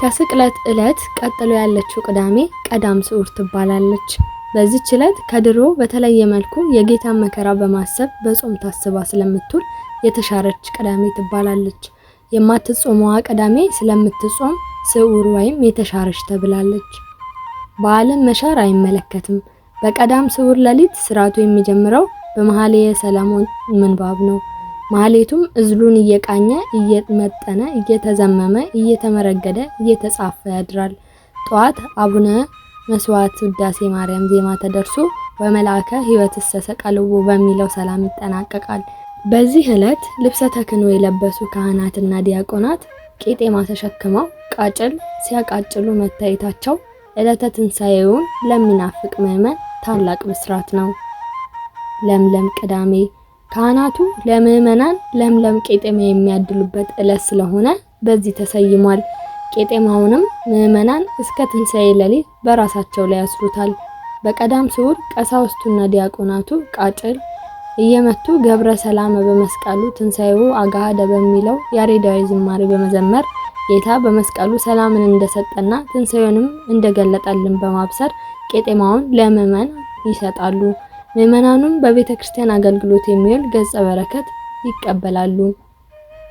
ከስቅለት ዕለት ቀጥሎ ያለችው ቅዳሜ ቀዳም ስዑር ትባላለች። በዚች ዕለት ከድሮ በተለየ መልኩ የጌታን መከራ በማሰብ በጾም ታስባ ስለምትውል የተሻረች ቅዳሜ ትባላለች። የማትጾመዋ ቅዳሜ ስለምትጾም ስዑር ወይም የተሻረች ተብላለች። በዓልን መሻር አይመለከትም። በቀዳም ስዑር ሌሊት ስርዓቱ የሚጀምረው በመኃልየ ሰሎሞን ምንባብ ነው። ማሌቱም እዝሉን እየቃኘ እየመጠነ እየተዘመመ እየተመረገደ እየተጻፈ ያድራል። ጠዋት አቡነ መስዋዕት ውዳሴ ማርያም ዜማ ተደርሶ በመልአከ ሕይወት እሰሰ በሚለው ሰላም ይጠናቀቃል። በዚህ ዕለት ልብሰ ተክህኖ የለበሱ ካህናትና ዲያቆናት ቄጤማ ተሸክመው ቃጭል ሲያቃጭሉ መታየታቸው ዕለተ ትንሣኤውን ለሚናፍቅ ምዕመን ታላቅ ምስራት ነው። ለምለም ቅዳሜ ካህናቱ ለምእመናን ለምለም ቄጤማ የሚያድሉበት ዕለት ስለሆነ በዚህ ተሰይሟል። ቄጤማውንም ምዕመናን እስከ ትንሣኤ ሌሊት በራሳቸው ላይ ያስሩታል። በቀዳም ስዑር ቀሳውስቱና ዲያቆናቱ ቃጭል እየመቱ ገብረ ሰላመ በመስቀሉ ትንሣኤው አጋሃደ በሚለው ያሬዳዊ ዝማሬ በመዘመር ጌታ በመስቀሉ ሰላምን እንደሰጠና ትንሣኤውንም እንደገለጠልን በማብሰር ቄጤማውን ለምእመን ይሰጣሉ። ምዕመናኑም በቤተ ክርስቲያን አገልግሎት የሚውል ገጸ በረከት ይቀበላሉ።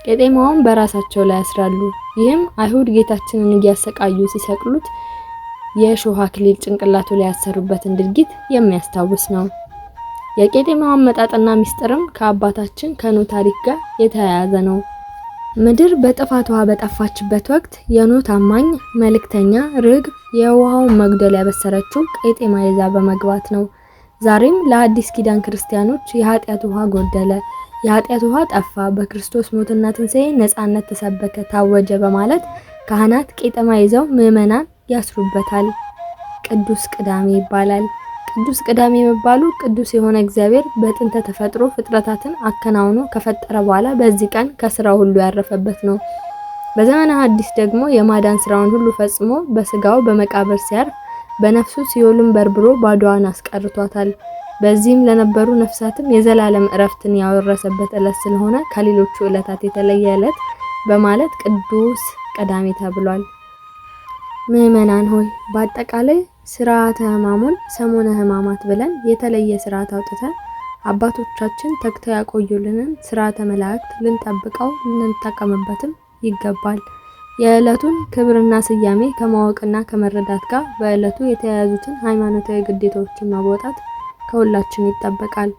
ቄጤማውን በራሳቸው ላይ ያስራሉ። ይህም አይሁድ ጌታችንን እያሰቃዩ ሲሰቅሉት የእሾህ አክሊል ጭንቅላቱ ላይ ያሰሩበትን ድርጊት የሚያስታውስ ነው። የቄጤማው አመጣጥና ምስጢርም ከአባታችን ከኖ ታሪክ ጋር የተያያዘ ነው። ምድር በጥፋት ውሃ በጠፋችበት ወቅት የኖ ታማኝ መልእክተኛ ርግብ የውሃውን መጉደል ያበሰረችው ቄጤማ ይዛ በመግባት ነው። ዛሬም ለአዲስ ኪዳን ክርስቲያኖች የኃጢአት ውሃ ጎደለ፣ የኃጢአት ውሃ ጠፋ፣ በክርስቶስ ሞትና ትንሣኤ ነፃነት ተሰበከ፣ ታወጀ በማለት ካህናት ቄጠማ ይዘው ምዕመናን ያስሩበታል። ቅዱስ ቅዳሜ ይባላል። ቅዱስ ቅዳሜ የሚባሉ ቅዱስ የሆነ እግዚአብሔር በጥንተ ተፈጥሮ ፍጥረታትን አከናውኖ ከፈጠረ በኋላ በዚህ ቀን ከስራ ሁሉ ያረፈበት ነው። በዘመነ ሐዲስ ደግሞ የማዳን ስራውን ሁሉ ፈጽሞ በስጋው በመቃብር ሲያርፍ በነፍሱ ሲኦልን በርብሮ ባዶዋን አስቀርቷታል። በዚህም ለነበሩ ነፍሳትም የዘላለም እረፍትን ያወረሰበት ዕለት ስለሆነ ከሌሎቹ ዕለታት የተለየ ዕለት በማለት ቅዱስ ቀዳሚ ተብሏል። ምዕመናን ሆይ በአጠቃላይ ስርዓተ ሕማሙን ሰሞነ ሕማማት ብለን የተለየ ስርዓት አውጥተን አባቶቻችን ተግተው ያቆዩልንን ስርዓተ መላእክት ልንጠብቀው ልንጠቀምበትም ይገባል። የዕለቱን ክብርና ስያሜ ከማወቅና ከመረዳት ጋር በዕለቱ የተያያዙትን ሃይማኖታዊ ግዴታዎችን መወጣት ከሁላችን ይጠበቃል።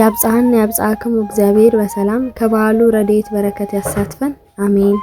ያብጽሐን ያብጽሐክሙ እግዚአብሔር በሰላም። ከበዓሉ ረድኤት በረከት ያሳትፈን፣ አሜን።